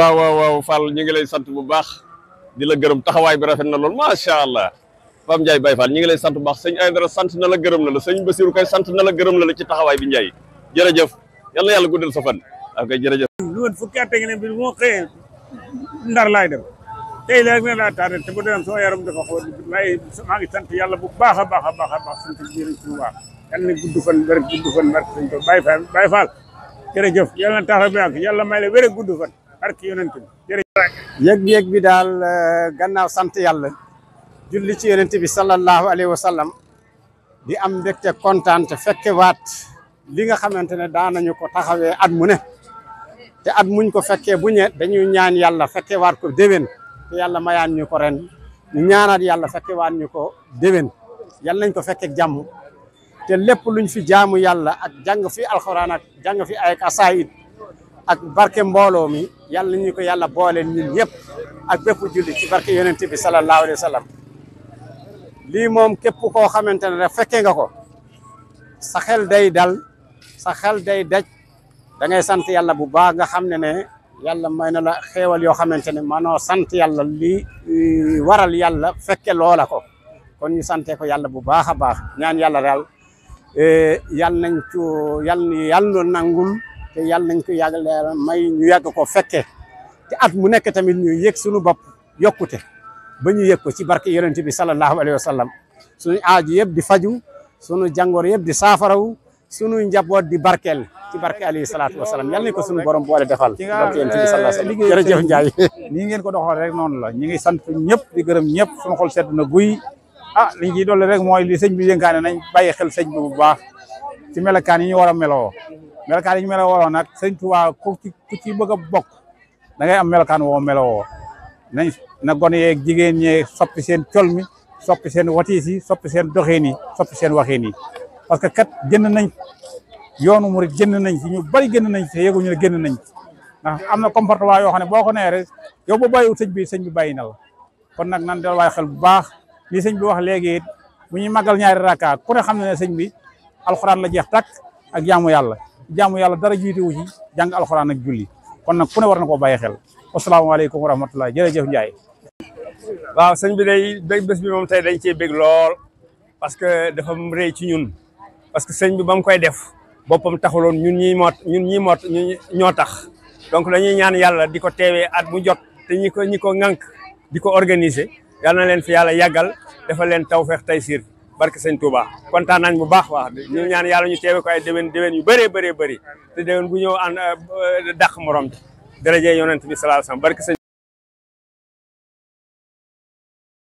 waaw waaw waaw Fall ñu ngi lay sant bu baax di la gërëm taxaway bi rafet na lool sha allah Fam jay bay Fall ñu ngi lay sant bu baax sëñ Aydara sant na la gërëm na la sëñ basirou kay sant na la gërëm na la ci taxaway bi Ndiaye jërëjëf yal yalla yàlla guddal sa fan ak kay jërëjëf. lu won fukki atté ngeen bi mo xey ndar lay dem tey léegi nag la tardé te bu dem so yaram dafa xaw lay ma ngi sant yalla bu baaxa baaxa baaxa baax sant biir suñu baax yal guddu fan wér guddu fan wér sëñ bay Fall bay Fall jërëjëf yalla taxaw bi ak yalla may la wéré guddu fan barki yonent bi daal eh, gannaaw sant yàlla julli ci yonent bi sallallahu alayhi wa sallam di am mbégte kontaan te fekke waat li nga xamante ne daanañu ko taxawee at mu ne te at muñ ko fekkee bu dañuy ñaan yàlla fekke waat ko déwén te yàlla mayaan ñu ko ren ñu ñaanaat yàlla fekke waat ñu ko déwén yàlla nañ ko fekkee jàmm te lépp luñ fi jaamu yàlla ak jàng fi alxuraan ak jàng fi ay kasaayid ak barke mbooloo mi yàlla ñu ko yàlla boole ñun ñëpp ak bépp julli ci barke yonent bi sallallahu alayhi wa sallam lii moom képp koo xamante ne rek fekkee nga ko sa xel day dal sa xel day daj da sant yàlla bu baax nga xam ne ne yàlla may na la xeewal yoo xamante ne manoo sant yàlla lii waral yàlla fekke loola ko kon ñu sante ko yàlla bu baax a baax ñaan yàlla daal eh, yàlla nañ ci yàlla nangul te yalla nañ ko yagal leeral may ñu yag ko fekke te at mu nekk tamit ñu yek suñu bop yokute ba ñu yëg ko ci barke yaronte bi sallallahu alaihi wasallam suñu aaji yeb di faju suñu jangor yeb di safaraw suñu njabot di barkel ci barke ali salaatu wasallam. salaam yàlla nañ ko suñu borom boole defal barke yonent bi sallallahu alaihi wasallam sallam jërëjëf Njaay ngeen ko doxal rek non la ñi ngi sant ñep di gërëm ñep suñu xol sedd na guuy ah li ciy dolli rek moy li señ bi dénkaane nañ baye xel señ bu baax ci melakan yi ñu wara meloo melokaan yi ñu melo woon nag sëñ Tuubaa ku ci ku ci bëgg a bokk da ngay am melokaan woo melo woo nañ na gone yeeg jigéen ñee soppi seen col mi soppi seen watiis yi soppi seen doxiin yi soppi seen waxiin yi parce que kat génn nañ yoonu murit génn nañ ci ñu bari génn nañ ci te yëguñu ne génn nañ ci am na comportement yoo xam ne boo ko nee rek yow ba bàyyiwul sëñ bi sëñ bi bàyyi na kon nag nan del waay xel bu baax li sëñ bi wax léegi it bu ñuy màggal ñaari rakka ku ne xam ne ne sëñ bi alxuraan la jeex tàkk ak jaamu yàlla jamu yalla dara wu ci jang alcorane ak julli kon nak ku war nako baye xel assalamu alaykum wa jere jeuf Ndiaye. waaw sëñ bi day bég bes bi mom tay dañ ci bég lol parce que dafa reey ci ñun parce que bi bam koy def bopam taxuloon ñun ñi mot ñun ñii moo ño tax donc dañuy ñaan yalla di ko at mu jot té ñi ko ñi ko di organiser yal na len fi yalla yagal dafa len taysir barke sëñ Touba kontaan nañ bu baax wax ñu ñaan yàlla ñu teewe ko ay déwén déwén yu bëree bëree te déwén bu ñëw ànd euh, morom ji daraje yonent bi sallallahu alayhi wasallam barke sëñ